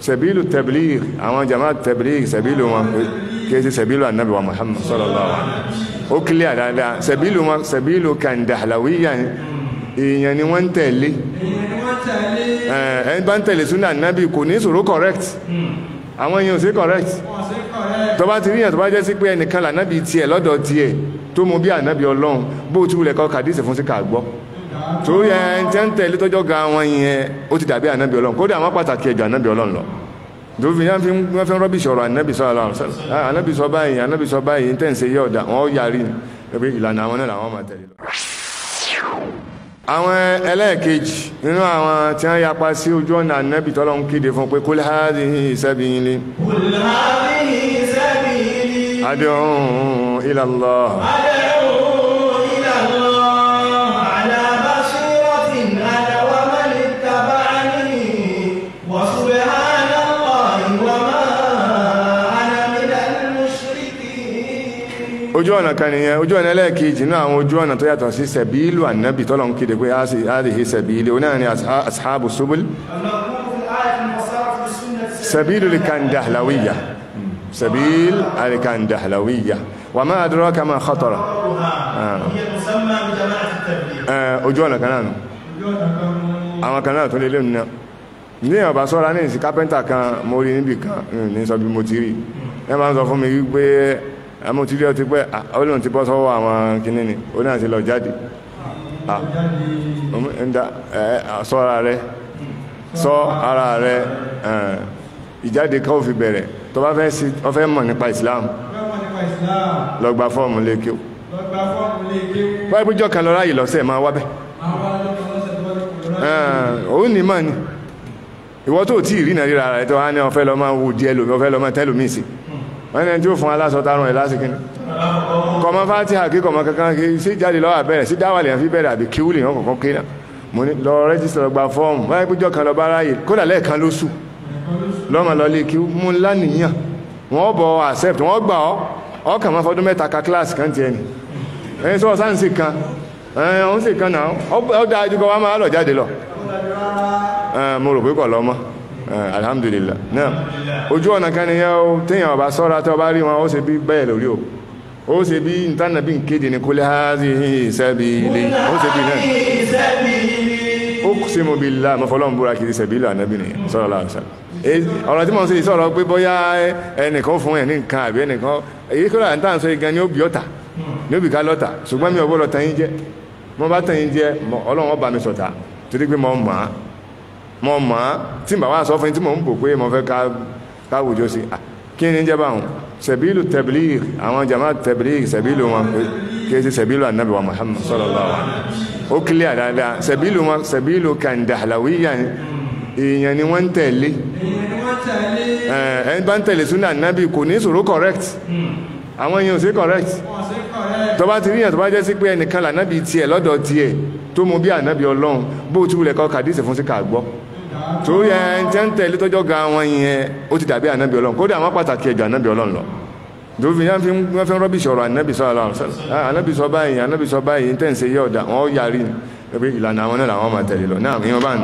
سبيل tẹ̀blíìr àwọn jamaat tẹ̀blíìr sẹ̀bílù ما كيس sẹ̀bílù النبي wa muhammad sallallahu alaihi wasallam ó kílẹ̀ dáadáa sẹ̀bílù wọn sẹ̀bílù kàndàlàwíyà èèyàn ni wọ́n ń tẹ̀lé ẹni bá ń tẹ̀lé súnà anabi kò ní sọ̀rọ̀ correct àwọn èèyàn ò sí correct tó bá ti rí yàn tó bá jẹ́ sí pé ẹnìkan lànàbì tiẹ̀ lọ́dọ̀ tiẹ̀ tó mú bí ànàbì ọlọ́run bó o túbúlẹ̀ kọ́ kàdísì fún sí gbọ́ torí ẹ ń tẹ́ ń tẹ̀lé tọ́jọ́ ga wọn yẹn ó ti dàbí ànábì ọlọ́run kódà àwọn pàtàkì ẹ̀jọ̀ ànábì ọlọ́run lọ dófin yá fi wọ́n fi rọ́bì sọ̀rọ̀ ànábì sọ àlọ́ ah, ànábì sọ báyìí ànábì sọ báyìí tẹ́ ń ṣe yẹ ọ̀dà wọn yàrí ẹbí ìlànà àwọn náà làwọn máa tẹ̀lé lọ. àwọn ẹlẹ́ẹ̀kejì nínú àwọn tí wọ́n yapa sí ojú ọ̀nà ànábì tọ́lọ́run kéde fún ila Allah. ojú ọ̀nà kan nìyẹn ojú ọ̀nà ẹlẹ́ẹ̀kejì náà àwọn ojú ọ̀nà tó yàtọ̀ sí sẹ̀bílù ànábì tọ́lọ̀ ń kéde pé àdìhí sẹ̀bílù onáà ni ashabu subul sẹ̀bílù al-kandahlawiya sẹ̀bílù al-kandahlawiya wà máa dúró ká máa khatara ojú ọ̀nà kan náà nù àwọn kan náà tó lé lónìí náà ní ọ̀bá sọ́ra ní ìsìn kápẹ́ntà kan mo rí níbì kan ní sọ bí mo ti rí ẹ àmọ́ tí ó ti pẹ́ ọlọ́run ti bọ́ sọ́wọ́ àwọn kìíní ni ó náà ti lọ jáde sọ ara rẹ sọ ara rẹ ìjáde kan ò fi bẹ̀rẹ̀ tó bá fẹ́ mọ̀ nípa Islam lọ gba fọ́ọ̀mù lé kí o wáyé pé jọ́ka lọ ráyè lọ́sẹ̀ máa wá bẹ́ òun ní mọ̀ ni ìwọ tó tí ìrìnà ríra rẹ̀ tó wá ní ó fẹ́ lọ díẹ̀ lómi ó fẹ́ lọ wọ́n ní ẹni tí ó fún aláṣọ tárùn ẹ̀ lásìkí ni kọmọ fáti àkí kọmọ kankan kí sí jáde lọ́wọ́ àbẹ̀rẹ̀ sí dáwà lèyàn fi bẹ̀rẹ̀ àbí kíwù lèyàn kọ̀ọ̀kan kí náà mo ní lọ rẹ́jísítà gba fọ́ọ̀mù wáyé péjọ kan lọ bá ráyè kódà lẹ́ẹ̀kan lóṣù lọ́mọ lọ lé kíwù mú lánìyàn wọ́n bọ̀ ọ́ accept wọ́n gbà ọ́ ọkàn máa fọdún mẹ́ta ka kíláàsì kan tiẹ̀ ni ẹni sọ ọ̀sán sì kan ọ̀hún sì kan náà ó dáa ju kọ́ wa máa lọ jáde lọ mo rò pé kọ̀ lọ́mọ́ Eh, alhamdulillah náà ojú ọ̀nà kan ni yẹ́ o téèyàn ọba sọ́ra tó bá rí wọn ó ṣe bí bẹ́ẹ̀ lórí o ó ṣe bí ìtànàbí kéde ní kul hazihi sabili ó ṣe bí náà ó ṣe mọ̀ bí lá mọ́fọ́lọ́mù búra kiri sẹ̀bílà ànábì nìyẹn sọ́rọ̀ láàṣà ọ̀rọ̀ tí mo ṣe sọ̀rọ̀ pé bóyá ẹnìkan fún ẹ̀ ní nǹkan àbí ẹnìkan èyí kó láà tàn sọ igan ní òbí ọ̀tà ní òbí ká lọ́tà ṣùgbọ́n mi ò gbọ́dọ̀ tàn yín mo bá tàn yín ọlọ́run ọba mi sọ̀tà torí pé mo mọ̀ á mọ mọ á tí bàbá sọ fún tí mò ń bò pé mo fẹ́ ká káwùjọ sí ah, kí ni jẹ́ báwọn sẹ̀bílù tẹ̀bílì àwọn jama tẹ̀bílì sẹ̀bílù wọn kéèsì sẹ̀bílù ànábì wa Muhammad sallallahu alaihi wasallam ó kílẹ̀ dáadáa sẹ̀bílù wọn sẹ̀bílù kàndàlàwíyà èèyàn ni wọ́n ń tẹ̀lé ẹni bá ń tẹ̀lé súnà ànábì kò ní sọ̀rọ̀ correct àwọn èèyàn ò sí correct tó bá ti ríyàn tó bá jẹ́ sí pé ẹnìkan lànábì tiẹ̀ lọ́dọ̀ tiẹ̀ tó mú bí ànábì ọlọ́run bó o túbúlẹ̀ kọ́ kàdísì fún sí kà gbọ́ torí ẹ ń tẹ́ ń tẹ̀lé tọ́jọ́ ga wọn yẹn ó ti dàbí ànábì ọlọ́run kódà àwọn pàtàkì ẹ̀jọ̀ ànábì ọlọ́run lọ dòfin yẹn fi wọ́n fi rọ́bì sọ̀rọ̀ ànábì sọ̀rọ̀ àlọ́ ah, ànábì sọ báyìí ànábì sọ báyìí tẹ́ ń ṣe yẹ ọ̀dà wọn yàrí pé ìlànà àwọn náà làwọn máa tẹ̀lé lọ náà ìyẹn bá ń.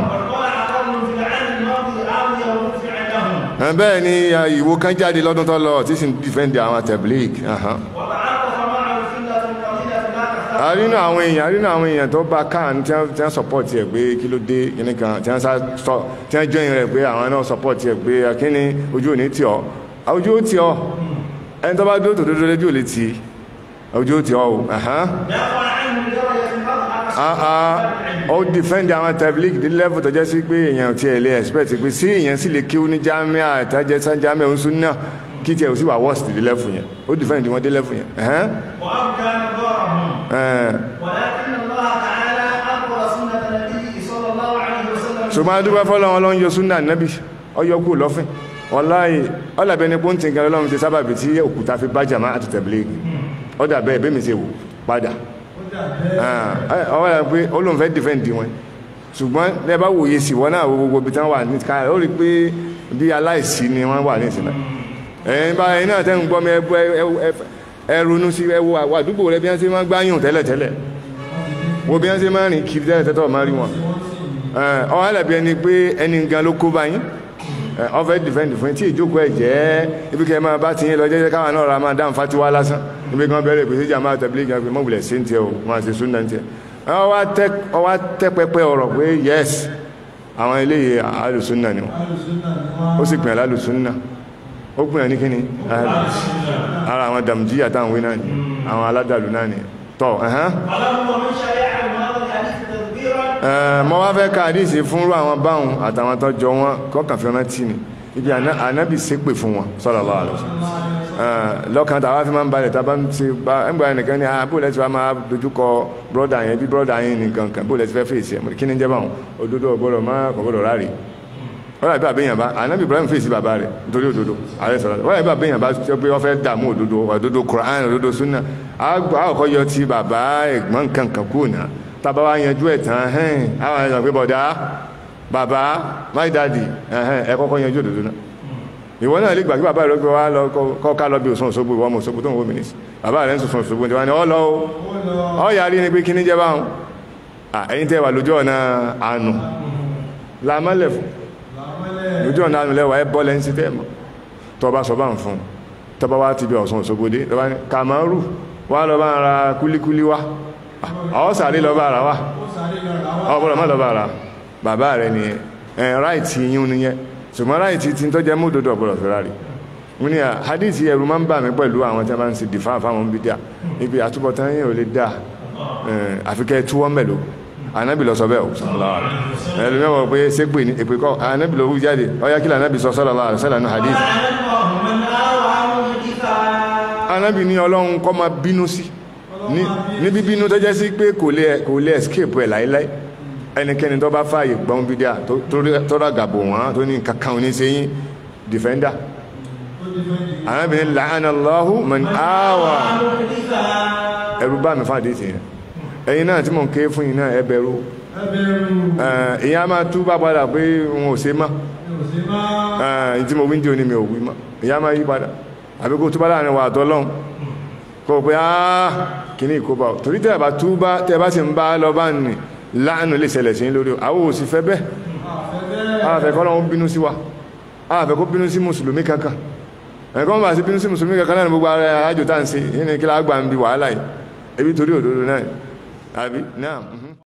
Ah, bẹ́ẹ̀ ni ìwo kan jáde lọ́dún tó lọ tí àrínà àwọn èèyàn àrínà àwọn èèyàn tó bá kàn tí wọ́n support ẹ̀ pé kí ló dé kíní kan tí wọ́n sá sọ tí wọ́n join rẹ̀ pé àwọn náà support ẹ̀ pé kíní ojú òní tì ọ́ ojú ó tì ọ́ ẹni tó bá dó tòdodo lójú ò lè tì ojú ó tì ọ́ o ó defend àwọn tablik ní level tó jẹ́ sí pé èèyàn ti ẹ̀ lè expect pé sí èèyàn sì lè kí ó ní jamia àtàjẹ san jamia oṣù náà kí tiẹ̀ ò sì wà worst dé level yẹn ó defend wọn dé level yẹn ṣùgbọ́n adúgbà fọ́lọ́ wọn lọ́n yọ súnà nẹ́bì ọyọ́kù lọ́fìn ọláyé ọlàbẹni pọ́ ń tí nǹkan lọ́run ti sábàbí tí òkúta fi bá jàmá àti tẹ̀blígì ọdà bẹ́ẹ̀ bẹ́ẹ̀ mi ṣe wò padà ọwọ́dà ah, pé olóńfẹ́ dìfẹ́ǹdì wọn ṣùgbọ́n lẹ́bàá wòye sí wọn náà gbogbo ibi tí wọ́n wà ní ká ó rí pé bí ẹ ronú sí ẹ wo àwọn àdúgbò rẹ bí wọ́n ṣe máa gbáyùn tẹ́lẹ̀tẹ́lẹ̀ wo bí wọ́n ṣe máa ń rìn kiri tẹ́lẹ̀tẹ́tọ̀ máa rí wọn ọ̀hún àlàbí ẹni pé ẹni gan ló kó báyìí ọ̀fẹ́ dìfẹ́ǹdì fún tí ìjókòó ẹ̀ jẹ́ ibi kẹ́ máa bá ti yín lọ jẹ́jẹ́ káwọn náà ra máa dáhùn fatiwa lásán ibi kan bẹ̀rẹ̀ ìpèsè ìjà máa tẹ̀lé ìjà pé mọ̀wulẹ̀ sí tiẹ̀ o máa ṣe súnà tiẹ̀ ọwá tẹ́ pẹpẹ ọ̀rọ̀ pé yẹ́sì àwọn eléyìí alùsùnà ni wọ́n ó sì pìyàn lálùsùnà ó pè ní kíni ara àwọn dàmjí àtàwọn wí náà ni àwọn aládàlú náà ni tọ́ mọ́ wá fẹ́ ka àdíṣe fúnrú àwọn báhùn àtàwọn tọ́jọ wọn kọ́kànfẹ́ rántí ni ibi ànábì ṣépè fún wọn sallallahu alaihi wasallam lọ́kàn tàwa fi máa ń balẹ̀ tàbá ń ṣe bá ẹgbẹ́ nìkan ní àbúrò ah, lẹ́sìn wa máa dojúkọ bọ́dà yẹn bí bọ́dà yẹn nìkan kan bó lẹ́sìn fẹ́ fèsì ẹ̀ kí ni jẹ́ báwọn òdodo ọ̀gbọ́dọ̀ má ọ̀gbọ́dọ̀ ráre wọ́n rà bí àbẹ́yàn bá ànábì Ibrahim fèsì bàbá rẹ̀ nítorí òdodo ààrẹ sọ̀rọ̀ wọ́n rà bí àbẹ́yàn bá sọ pé wọ́n fẹ́ dààmú òdodo òdodo Quran òdodo sunna àkọ́kọ́ yọ ti bàbá ẹ̀gbọ́n nǹkan kan kúrò náà tábà wá yanjú ẹ̀ tán hẹ́n àwọn àyàn pé bọ̀dá bàbá my daddy ẹ kọ́kọ́ yanjú òdodo náà ìwọ náà lè gbà kí bàbá rẹ gbé wa lọ kọ ká lọ bí Ọ̀ṣun Òṣogbo ìwọ ọmọ Òṣogbo tó ń wo mìíní bàbá rẹ ń sọsọ Òṣogbo ìjọba ni ọ lọ o ọ yà rí ni pé kí jẹ báwọn ẹ̀yin tẹ wà lójú ọ̀nà àánú làmọ́lẹ̀ fún lójú ọ̀nà àánú lẹ́wà ẹ bọ́ lẹ́yìn sí tẹ́ mọ́ tó bá sọ bá ń fún tó bá wá ti bí Ọ̀ṣun Òṣogbódé tó bá ní kàmárù wá lọ bá ń ra kúlíkúlí wá àwọn ah, sàárè lọ bá ra wá ọ̀pọ̀lọ̀ má lọ bá ra bàbá rẹ ni ẹ̀ ráìtì yín nìyẹn ṣùgbọ́n ráìtì ti ń tọ́jẹ́ mọ́dodo ọ̀pọ̀lọ̀ Ferrari mo ní hadith ẹ̀rù máa ń bà mí pẹ̀lú àwọn tí a máa ń ṣe dìfáàfáà wọn bí ibi àtúbọ̀tán yẹn ò lè dáa àfikẹ́ tí wọ́n mẹ́lòó anabi lọ sọ bẹ́ẹ̀ o ẹlòmíràn wọ pé sépè ní èpè kọ́ anabi lọ wú jáde ọyá kí lànàbì sọ sallallahu alaihi wasallam hadith anabi ní ọlọ́run kọ́ máa bínú sí ní bíbínú tó jẹ́ sí pé kò lè kò lè escape ẹ̀ láéláé ẹnikẹ́ni tó bá fààyè gbọ́n bídíà tó rágàbò wọ́n tó ní kankan ní sẹ́yìn defender anabi ní la'ana Allahu man awa ẹrú bá mi fàdé tìyẹn eyi náà tí mò ń ké fún yín náà ẹ eh, ìyá máa padà pé wọn ò ṣe eh, mo di mi ò wí mọ́ ìyá máa yí padà àbí kó túbá láàrin o pé áá ah, kìíní ìkóbá o torí tẹ́ẹ̀ bá túbá sì ń bá lọ bá nì láàánú lè ṣẹlẹ̀ sí lórí o àwọn ò sì fẹ́ bẹ́ẹ̀ àfẹ́ kọ́ lọ́hún bínú sí wa àfẹ́ kó bínú sí mùsùlùmí kankan ẹ̀kọ́ bínú sí mùsùlùmí kankan náà ní gbogbo ara àjò tá à ń ni kí lágbà ń bi wàhálà yìí ebi Abi, naam. Mhm.